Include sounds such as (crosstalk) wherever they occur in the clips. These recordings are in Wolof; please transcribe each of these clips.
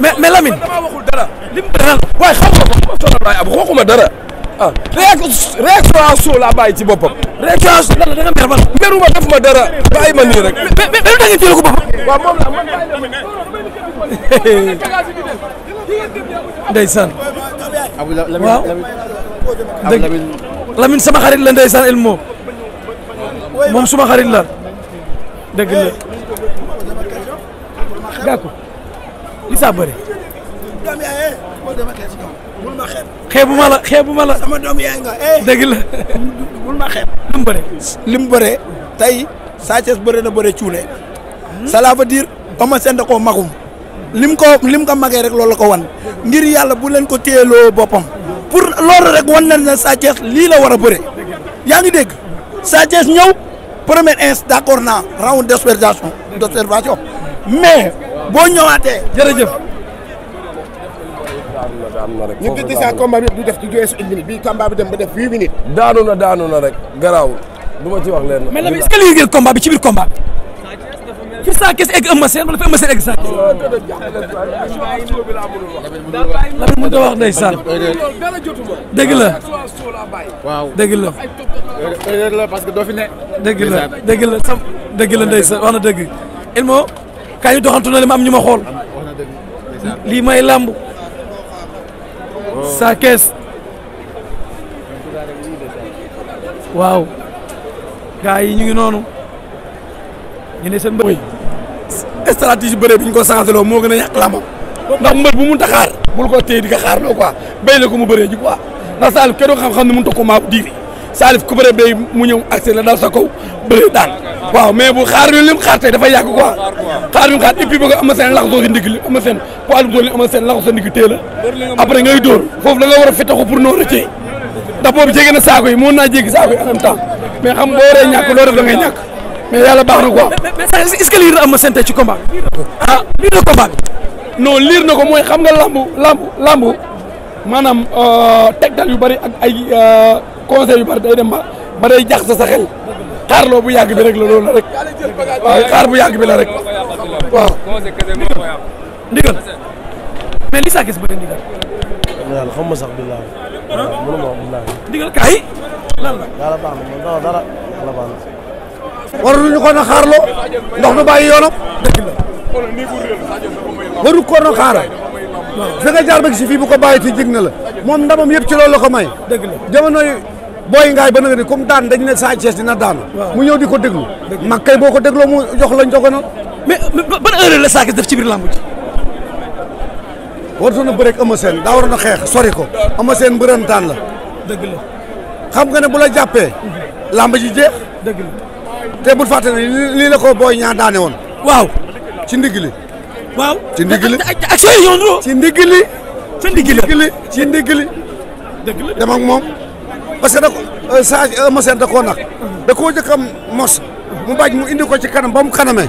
mais mais Lamine. damaa waxul dara li mu dara waaye xam nga ko ma sonal waaye ab waxuma dara ah réaction à chaud laa bàyyi ci boppam. réaction à chaud lan la da nga mer man. meruma def ma dara bàyyi ma nii rek. mais mais mais da nga jëlee ko boppam. waaw moom la man bàyyi la ndeysaan. waaw dëgg Lamine sama xarit la ndeysaan Elmo moom suma xarit la dëgg la d'accord. li saa bëri. ma la xeebu ma la. sama doom yaay nga eh. dëgg la. bul bëre. lim bëre tey Sa Thiès bëre na bëre cuune. cela veut dire Eumeu Sène da koo magum. lim ko lim ko magee rek loolu la ko wan. ngir yàlla bu leen ko téyeloo boppam. pour loolu rek wan na ne lii la war a bëre. yaa ngi dégg Sa Thiès ñëw premier inst d'accord naa round d'observation d'observation mais. boo ñëwaatee. jërëjëf. ñu gis di saa combat bi du def du jógee su une bi dem ba def huit minutes. daanu na daanu na rek garaawul du ma ci wax leen. mais est-ce que li ngeen bi ci biir combat bi. fi saa kees egg ëmb seen wala fi ëmb seen egg saa kees. lan moo doon wax ndeysaan. dëgg la. waaw dëgg la. dëgg la parce que doo fi ne. dëgg la dëgg la sam wax na dëgg kaay doxantu na li ma am ñu ma xool lii may làmb sa kees waaw gars yi ñu ngi noonu ñu ne seen mbër stratégie bëree bi ñu ko changé loo moo gën a yàq làmbam ndax mbër bu mun ta xaar bul ko téye di ko xaar loo quoi béy la ko mu bëree ji quoi ndax Salif kenn du xam-xam ne mënut a ko maaw diifi Salif ku bëree béy mu ñëw accès la dal sa kaw bëree daan waaw mais bu xaar bi lim xaar tey dafa yàgg quoi xaar bi xaar et puis bëgg am seen laxasoo si ndigli am na seen poids lu doon am na seen laxasoo ndigli teel a après ngay dóor foofu da nga war a fetaxu pour noo rëccee ndax boobu jege na saako yi mën naa jeg saako yi en même temps mais xam boo waree ñàkk loo def na quoi. mais est-ce que liir na am na seen tey ci combat ah, liir na ko mooy xam nga lambu lambu lambu maanaam euh, tegtal yu bari ak ay euh, conseils yu bari day dem ba ba day jaxase sa xel. xaarloo bu yàgg bi rek la loolu rek waaw bu yàgg bi la rek waaw. ndigal mais li sax gis bëri ndigal. yàlla xam ma sax bi laa mënu ma wax bi laa ndigal na man dara dara yàlla baax na. waruñu du bàyyi na xaaral. waaw jaar ba gis fii bu ko bàyyi jig na la moom ndamam yëpp ci loolu ko may. booy ngaay ba nga ni comme daan dañ ne Sa Thiès dina daan mu ñëw di ko déglu mag kay boo ko dégloo mu jox lañ jogoonal mais ban erreur la Sa Thiès def ci biir làmb ji warutoon a bëreeg Eumeu Sène daa waroon na xeex sori ko Eumeu Sène mbërantaan la dëgg la xam nga ne bu la jàppee làmb ji jeex dëgg te bu fàtte lii la ko booy ñaa daane woon waaw ci ndigg li waaw ci ndigg li ak sooy yoon ci ndigg li dem ak moom parce que da ko saa Eumeu Sène da koo nag da koo jëkk mos mu baaj mu indi ko ci kanam ba mu kanamee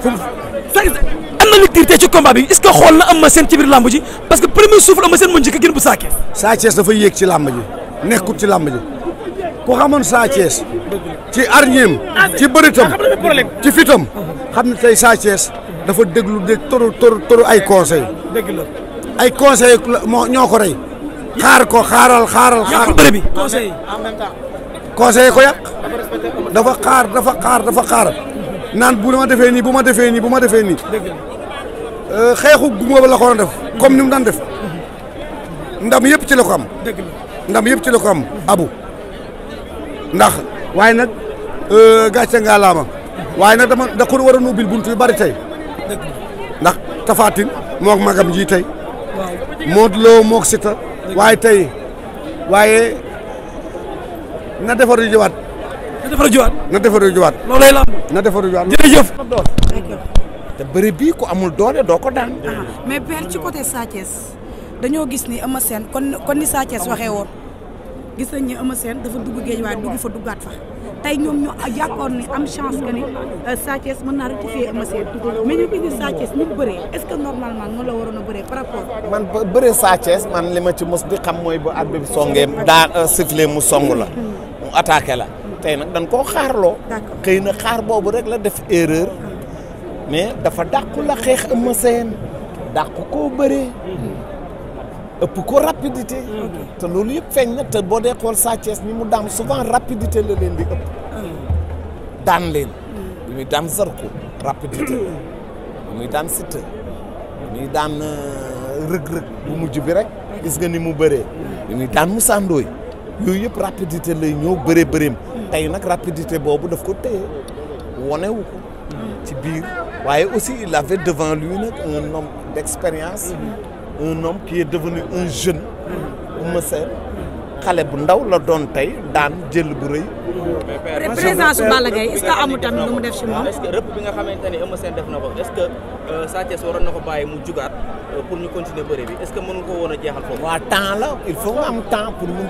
fu mu am na liggéey ci combat bi est-ce que xool na Eumeu Sène ci biir làmb ji parce que premier souffle Eumeu Sène moo njëkk a gën bu Sa Thiès Sa Thiès dafa yéeg ci làmb ji nekkut ci làmb ji ku xamoon Sa Thiès ci arñeem ci bëritam ci fitam xam ne tey Sa Thiès dafa déglu dég toru toru toru ay conseil ay conseil moo ñoo ko rey xaar ko xaaral xaaral. xaaral bëre ko yàq. dafa xaar dafa xaar dafa xaar. naan bu ma defee nii bu ma defee nii bu ma defee nii. Euh, xeexu guma ba la ko def. comme ni mu daan def. ndam yëpp ci la ko am. ndam yëpp ci la ko am abu. ndax waaye nag euh, gàcce nga laama. waaye nag dama da ko waroon ubbil buntu yu bari tey. ndax tafaatin Tine moog magam ji tey. waaw Modou moog Siteu waaye tey waaye na defaru jiwaat. na defaru jiwaat. na defaru jiwaat. loolay la na defaru jiwaat. jërëjëf. te bëri bii ku amul doole doo ko daan. Ah, mais père ci côté Sa Thiès dañoo gis ni Eumeu Sène kon kon ni Sa Thiès waxee woon gis nañ ne Eumeu Sène dafa dugg géej waaye dugg fa duggaat fa. tey ñoom a yàkkoon ne am chance que ni euh, Sa Thiès naa rectifier Eumeu Sène mais ñu gis ni Sa Thiès ni mu bëree est ce que normalement noonu la waroon a bëree par rapport. man ba bëree Sa man li ma ci mos di xam mooy bu at bi songee daa euh, sifflé mu song la. mu attaqué la. tey nag dañ koo xaarloo. xëy na xaar boobu rek la def erreur. mais dafa dàqu la xeex Eumeu Sène dàqu koo bëree. ëpp ko rapidité. te loolu yëpp feeñ na te boo dee xool Sa Thiès ni mu daan souvent rapidité la leen di ëpp. daan leen. Hmm. bi muy daan Zarko rapidité la. bi muy daan Siteu. bi muy daan euh, rëg-rëg bu mujj bi rek. gis nga ni mu bëree. Hmm. bi muy daan Moussa yooyu yëpp rapidité lay ñëw bëree bëreem. Hmm. tey nag rapidité boobu daf ko téye wonewu ko. ci biir waaye aussi il avait devant lui nag un homme un homme qui est devenu un jeune. Eumeu Sène xale bu ndaw la doon tey daan jël bu rëy. mais présence Balla Gaye est-ce que amu tamit lu mu def si moom. est rëpp bi nga xamante ne Eumeu Sène def na ko est que euh, Sa Thiès waroon na ko bàyyi mu jugaat euh, pour ñu continuer bëre bi est-ce que mënu ko woon a jeexal foofu. waaw la il faut am temps pour mun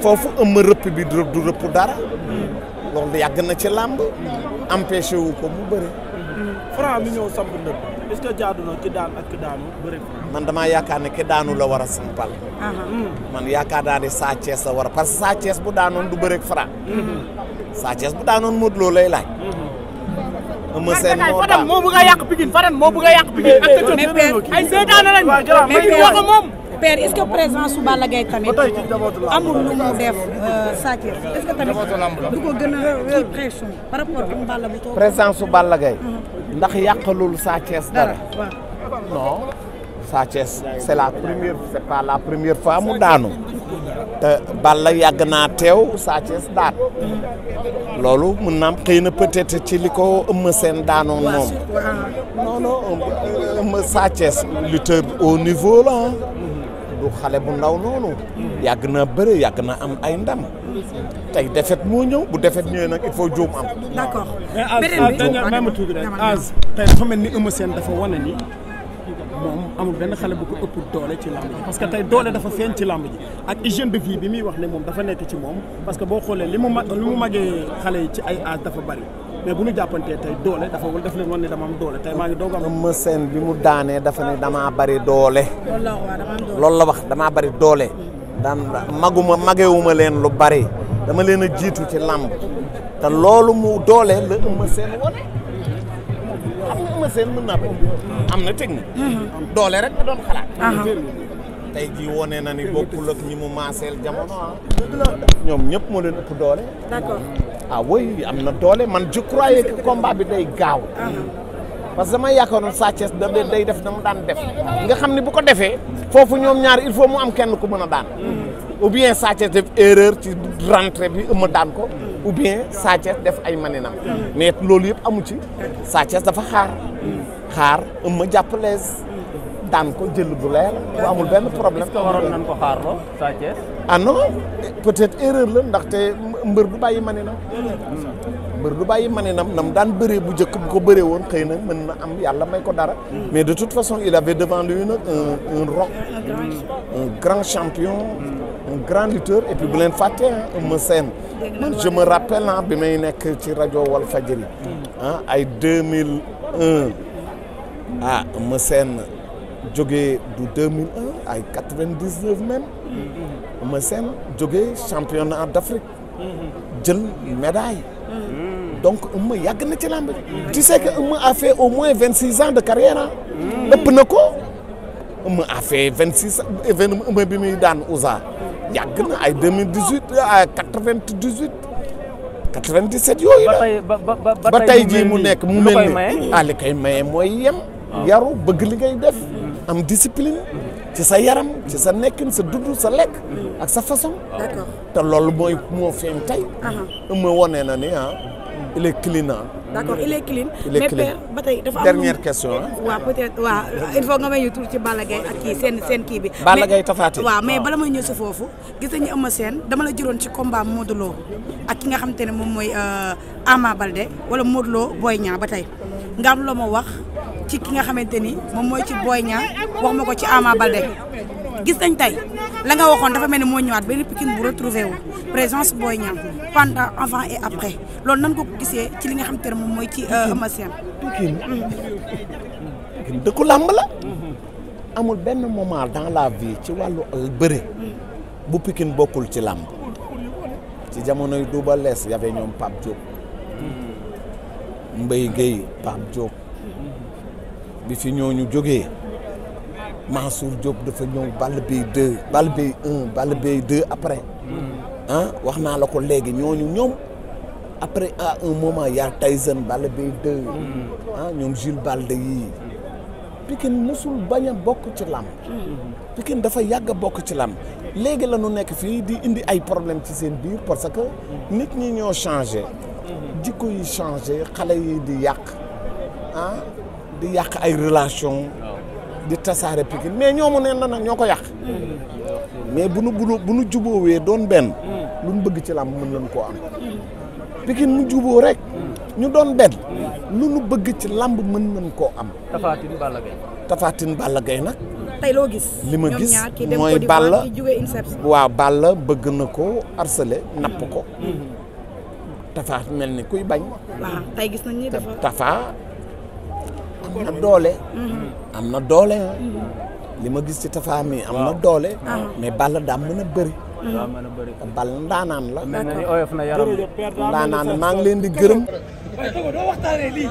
foofu ëmm rëpp bi du rëpp dara. loolu yàgg na ci làmb. empêché wu ko mu bëre. Franc mi ñëw samp ndëpp. est-ce que jaadu na ki daanu bëri man damaa yaakaar ne ki war a sampal. Mm. man yaakaar naa ne Sa la war parce que Sa bu daanoon du bëri Franc. Mm-hmm. Sa bu daanoon Modou Lo lay laaj. Mm-hmm. Eumeu Sène moo daan moo bëgg a yàq Pikine Fadam moo bëgg a yàq Pikine ak sa coono ay seetaan lañu. waaw mais ñu wax moom. père est-ce que présence su Balla Gaye tamit amul lu mu def euh, Sa Thiès est-ce que tamit du ko gën a kii pression par rapport ak Balla bu toog. présence su Balla Gaye. Mm-hmm. ndax yàqalul Sa Thiès dara non Sa c'est la première fois mu daanu te Balla yàgg naa teew Sa Thiès loolu mën naa am xëy peut-être ci li ko ëmm seen daanoon moom non non ëmm Sa au niveau la du xale bu ndaw noonu. yàgg naa bëre yàgg naa am ay ndam. tey defet moo ñëw bu defet ñëwee nag il faut juum am. d'accord mais dafa mel ni Eumeu seen dafa wane ni moom amul benn xale bu ko ëpp doole ci làmb ji parce que tey doole dafa feeñ ci làmb ji ak hygiène de vie bi muy wax ne moom dafa nekk ci moom parce que boo xoolee li mu ma li mu màggee xale yi ci ay âge dafa bari. mais bu ñu jàppantee tey doole dafa wala daf leen wan ne dama am doole tey maa ngi doog am. Eumeu Sène bi mu daanee dafa ne damaa bari doole. loolu la damaa bari doole. daan magewuma leen lu bari dama leen a jiitu ci làmb loolu mu doole la na technique. Mhm. doole rek doon xalaat. tey jii wone na ni bokkul ak ñi mu maaseel jamono ah. ñoom ñëpp moo leen ëpp doole. d'accord ah am na doole man je croyais que bi day gaaw. parce que dama yaakaaroon Sathiès da day def dama daan def nga xam ne bu ko defee foofu ñoom ñaar il faut mu am kenn ku mën a daan ou bien Sathiès def erreur ci rentrée bi ëmma daan ko ou bien Sathiès def ay maninam mais loolu yëpp amu ci Sathiès dafa xaar xaar ëmma jàpp lees daan ko jël bu leer amul benn problème. est ko xaarloo Sa Thiès. ah non peut-être erreur la ndaxte mbër du bàyyi maninam. mbër du bàyyi maninam nam daan bëree bu njëkk bu ko bëree woon xëy na mën na am yàlla may ko dara. mais de tout façon il avait devant lui nag un un roc. grand champion. grand lutteur et puis bu leen fàtte ah Eumeu Sène. man je me rappelle ah bi may nekk ci rajo Walfadjri ah ay 2001 ah Eumeu Sène. joge du 2001 ay 99 même. ma seen jógee championnat d'Afrique. jël médaille. donc Eumeu yàgg na ci làmb tu sais que Eumeu a fait au moins vingt six ans de carrière ah. ëpp na ko. Eumeu a fait vingt six Eumeu bi muy daan USA yàgg na ay deux mille dix huit à quatre vingt dix huit quatre vingt dix sept yooyu la ba tey jii mu nekk mu mel ni ah li koy mooy yem. Ah. yaru bëgg li ngay def. am discipline ci sa yaram ci sa nekkin sa dudd sa lekk ak sa façon te loolu mooy moo feeñ tey ëmma wone na ni ah il est clean ah d'accord il est clean il est mais ba tey dafa am dernière question waaw peut-être waaw il faut nga may ñu tur ci bala Gaye ak kii seen seen kii bi Balla Gaye tafaati waaw mais bala may ñëw si foofu gis ñu Eumeu seen dama la jëloon ci combat Modou Lo ak ki nga xam te ne moom mooy euh, Ama Baldé wala Modou Lo Boy Niang ba tey nga am loo ma wax ci ki nga xamante ni moom mooy ci Boy Niang wax ma ko ci Ama Baldé gis nañ tey la nga waxoon dafa mel ni moo ñëwaat benn Pikine bu retrouvé wu présence Boy Niang pendant avant et après loolu nan ko gisee ci li nga xamante ne moom mooy ci euh, Eumeu Sène dëkku làmb la amul benn moment dans la vie ci wàllu euh, bëre bu Pikine bokkul ci làmb ci jamonoy Double Less y avait ñoom Pape Diop Mbaye Guèye Pape Diop bi fi ñu jógee Mansour Diop dafa ñëw Balla Gaye 2 Balla Gaye 1 après hmm. ah wax naa la ko léegi ñu ñoom après à un moment y a Tyson Balla Gaye 2 hmm. ah ñoom Jules Balde yii Pikine musul bañ a bokk ci làmb hmm. Pikine dafa yàgg a bokk ci làmb léegi la ñu nekk fii di indi ay problème ci seen biir parce que nit ñi ñoo changé jikko yi changé xale yi di yàq ah, di yàq ay relation di tasaare Pikine mais ñoomu neen na nag ñoo ko yàq mais bu nu bu nu juboowee doon benn lu nu bëgg ci làmb mën nañ koo am Pikine mu juboo rek ñu doon benn lu nu bëgg ci làmb mën nañ koo am Tafatine Balla Gaye Tafatine Balla Gaye nag tey gis li ma gis mooy Balla waa Balla bëgg na ko harcelé napp ko mm-hmm. Tafa mel ni kuy bañ Tafa na doole. am na doole li ma gis ci tafaam mi am na doole. Ah. mais Balla daa mën a bëri. daa mën la. mel na ni na yaram maa ngi leen di gërëm. waaye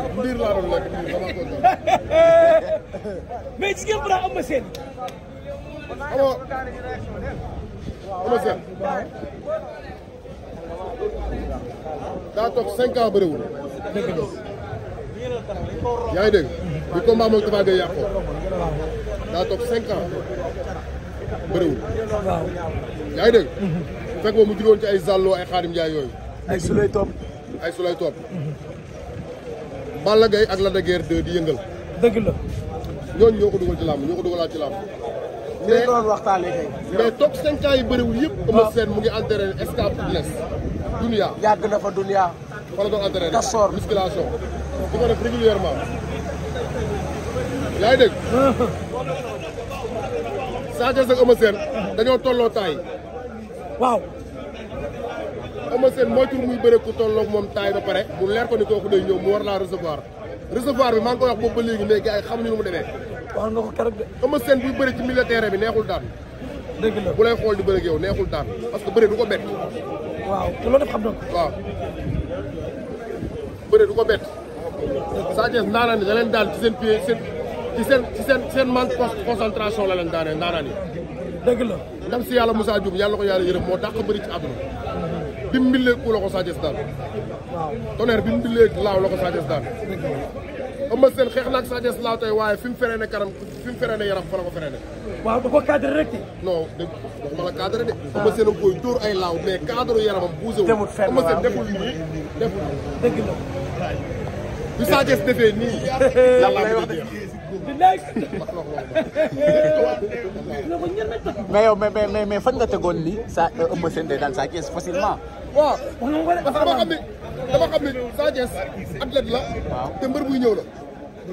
(laughs) ngi dégg. bi combat moom a Gueye yàqoo daa toog cinq ans bëriwul. waaw. yaa ngi dégg. mu jugoon ci ay Zallo ay Xaadim Njaay yooyu. ay Sulay Top. ay Sulay Top. Balla Gaye ak Lac de Guiers di yëngal. dëgg la. ñooñu ñoo ko dugal ci làmb ñoo ko ci làmb. mais doon cinq ans yi bëriwul yëpp. waaw seen mu ngi entraîné escape bless. dunia yàgg na fa dunia. fa la doon entraîné. musculation. di ko def régulièrement. yaa ngi dégg Sa Thiès ak Eumeu dañoo tolloo taay waaw Eumeu Sène moytu muy bëre ku tolloog moom taay ba pare mu leer ko ni kooku day ñëw mu war laa recevoir recevoir bi maa ngi koy wax boobu ba léegi mais gars xam xamuñu lu mu demee waaw nga ko keroog de Eumeu Sène buy bëri ci militaire bi neexul daan dëgg bu lay xool di bëri yow neexul daan parce que bëri du ko bett waaw te loolu xam na ko waaw du ko bett Sa Thiès ndaanaan da leen daan ci seen pied seen ci seen ci seen seen manque concentration la leen daanee ndaanaan yi dëgg la ndam si yàlla Moussa Dioum yàlla ko yàlla yërëm moo dàq bëri ci àdduna bi mu ku la ko Sa Thiès daan tonnerre bi mu mbilleeg laaw la ko Sa Thiès daan Eumeu Sène xeex naag Sa Thiès laaw tey waaye fi mu feree ne kanam fi mu feree ne yaram fa la ko feree ne waaw da ko cadre rek non dégg waxuma la cadre de Eumeu Sène a koy dóor ay laaw mais cadre yaramam bougé wu Eumeu deful bi Sa defee nii (laughs) yàlla lay mais yow mais mais mais fan nga tegoon ni sa euh, Eumeu Sène day Sa Thiès facilement. waaw parce que dama xam ne dama Sa Thiès athlète la. waaw te ñëw la.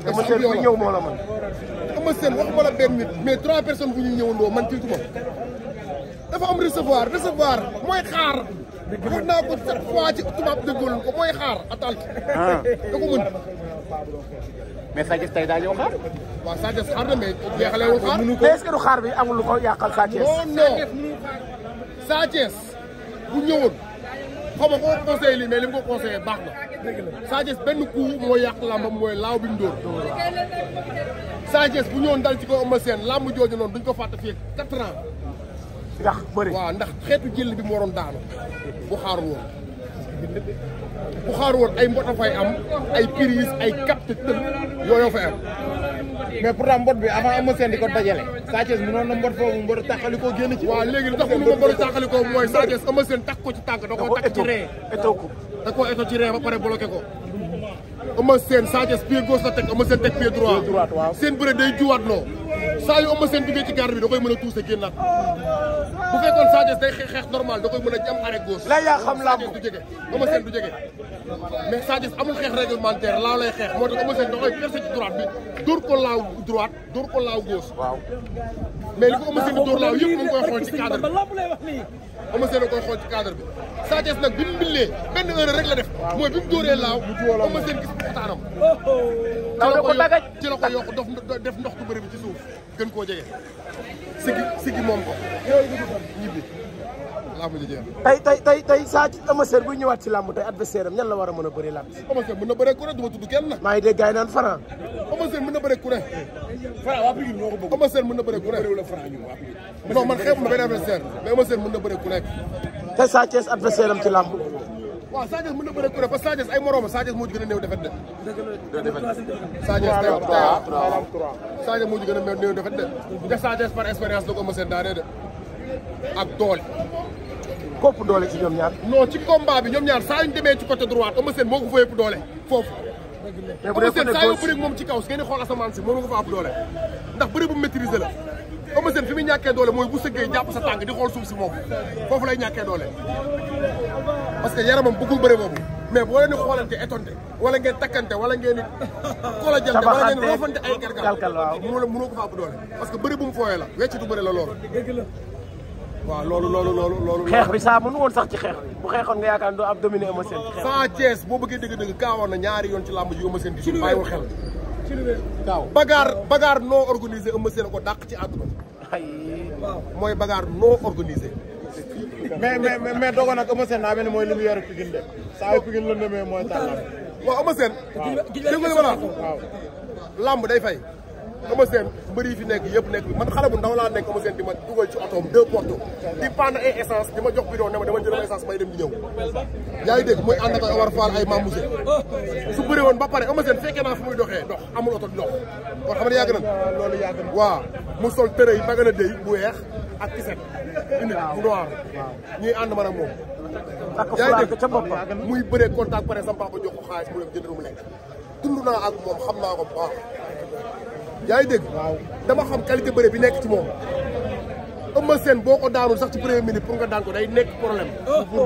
Eumeu Sène buy ñëw moo la man Eumeu Sène waxuma benn nit mais trois personnes bu ñu ñëwandoo man tiituma dafa am recevoir recevoir mooy xaar. naa ko sept fois tubaab dëggoon ko mooy xaar attaque. Ah. da ko mën. mais Sa Thiès tey daa ñëw xaar. waaw Sa Thiès xaar na mais jeexalee wu xaar. bi amul lu ko yàqal Sa Thiès. non non Sa Thiès bu ñëwoon xaw ko conseillé mais li mu ko conseillé baax na. dëgg Sa benn coup mooy yàq làmbam mooy laaw bi mu dóor. bu ñëwoon dal ci ko Eumeu Sène làmb jooju noonu duñ ko fàtte fii ak 4 ndax bëri ndax xeetu jël bi mu waroon daanu bu xaar woon. bu xaar woon ay mbot a fay am ay prise ay capte tën yooyoo fay am mais pourtant mbot bi avant ama seen di ko dajale Sa Thiès mënoon na mbot foofu mbot tàqali koo génn ci waaw léegi li tax mënu mbot tàqali koo mooy Sa Thiès ama seen takk ko ci tànk da koo takk ci ree da koo eto ci ree ba pare bloqué ko ama seen Sa Thiès pied gauche la teg ama seen teg pied droit seen bëre day juwaat loo saa yu ëmb seen duggee ci garde bi da koy mën a tuuse génnaat bu fekkoon Sa Thiès day xeex normal da koy mën a jam arrêt gauche. laa yaa xam làmb du jege ëmb seen du jege mais Sa Thiès amul xeex réglementaire laaw lay xeex moo tax ëmb seen da koy percé ci droite bi dóor ko laaw droite dóor ko laaw gauche. waaw mais li ko ëmb seen di dóor laaw yëpp mu ngi koy xool ci cadre bi. Eumeu Sène a koy xool ci cadre bi Sa nag bi mu mbindee benn erreur rek la def mooy bi mu dóoree laaw Eumeu Sène gis xataanam ci def ndox ku bëri ci suuf gën koo jege sigi sigi moom ko ñibbi làmb ji jeex tey tey tey tey saa ci ci làmb tey adversaire am ñan la war a mën a bëri làmb Eumeu Sène a na bëree ne du tudd kenn maa ngi dégg gars yi naan Eumeu Sène mën na bëre ku ne. Franc ko bëgg. Eumeu Sène mën na bëre ku ne. non man xeebu na benn adversaire mais Eumeu Sène mën na bëre ku nekk. te Sa Thiès am ci làmb. waaw Sa mën na bëre ku ne parce que ay moroom Sa moo ci gën a néew defet de. Sa Thiès tey waaw Sa Thiès de. Sa Thiès par expérience la ko Eumeu Sène daanee de ak doole. kopp doole ci ñoom ci combat bi ñoom ñaar saa ñu demee ci côté droit Eumeu Sène moo ko fa yëpp doole foofu mais bu dee côté gauche Eumeu Sène moom ci kaw si ngeen di si mënu ko fa ab doole ndax bëri bu maîtriser la Eumeu fi muy ñàkkee doole mooy bu sëggee jàpp sa tànk di xool suuf si moom foofu lay ñàkkee doole parce que yaramam bëggul bëre boobu mais boo leen di xoolante étonte wala ngeen takkante wala ngeen di kolajante wala ngeen roofante ay gargal mënoo ko fa ab doole parce que bëri bu mu fooyee la weccitu bëri la loolu waaw loolu loolu loolu loolu. xeex bi saa mënu woon sax ci xeex bi bu xeexoon nga yaakaar doo ab dominé Eumeu Sène. Sa Thiès boo bëggee dëgg-dëgg kaawoon na ñaari yoon ci làmb ji Eumeu Sène di suuf bàyyiwul xel. ci lu waaw bagaar bagaar non organisé Eumeu Sène ko dàq ci àdduna. ay mooy bagaar non organisé. mais mais mais dogoon ak Eumeu Sène naa mel ni mooy li mu yor Pikine de saa yu Pikine demee mooy. waaw Eumeu a waaw dégg nga làmb day fay. ama seen mbër yi fi nekk yëpp nekk bi man xale bu ndaw laa nekk ama seen di ma dugal ci otoom deux portes di panne ay essence di ma jox bidon ne ma dama jël essence may dem di ñëw yaa ngi muy ànd ak Omar Fall ay Mamoussé su bëri woon ba pare ama seen fekkee naa fu muy doxee dox amul oto di dox kon xam ne yàgg na ah, loolu mu sol tërë yi magan a déy bu weex ak kiset indi bu noir ñuy ànd man ak moom yaa ngi muy bëree contact pare sama papa jox yaa ngi dégg dama xam qualité bëre bi nekk ci moom Eumeu seen boo ko daanul sax ci premier minute pour nga daan ko day nekk problème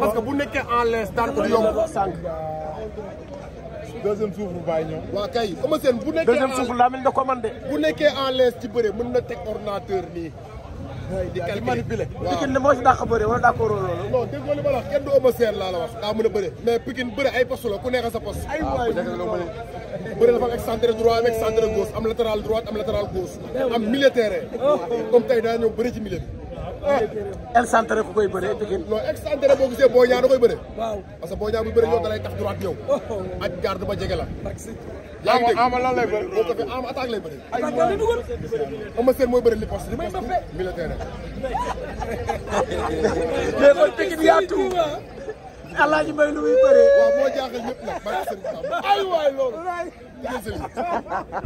parce que bu nekkee en l'aise daan ko di yomb sànq deuxième souffle bu bàyyi ñëw. waaw kay Eumeu Sène bu nekkee deuxième souffle laa mel ne commandé bu nekkee en l'aise ci bëre mën na teg ordinateur nii di calculer Pikine ne moo si dàq bëre wala d'accord loolu non déggoo li ma la wax kenn du ëmb seen laa la wax a bëre mais Pikine bëre ay poste ku nekk sa poste ay waay bëre dafa am centre droit avec centre gauche am latéral droite am latéral gauche am milieu terrain oh. comme tey daa ñëw bëre el eh, centre ku koy bëree pikin non el centre boo gisee boo ñaa da koy bëree parce que boo ñaa bëree ñoo da lay tax yow oh, oh. aj garde ba jege la yaa ngi dégg ama lan lay bëri boo ko ama attaque lay bëri ama seen mooy bëri li poste (laughs) lu muy bëree waaw moo jaaxal ñëpp nag barke sëriñ ay waay loolu (laughs)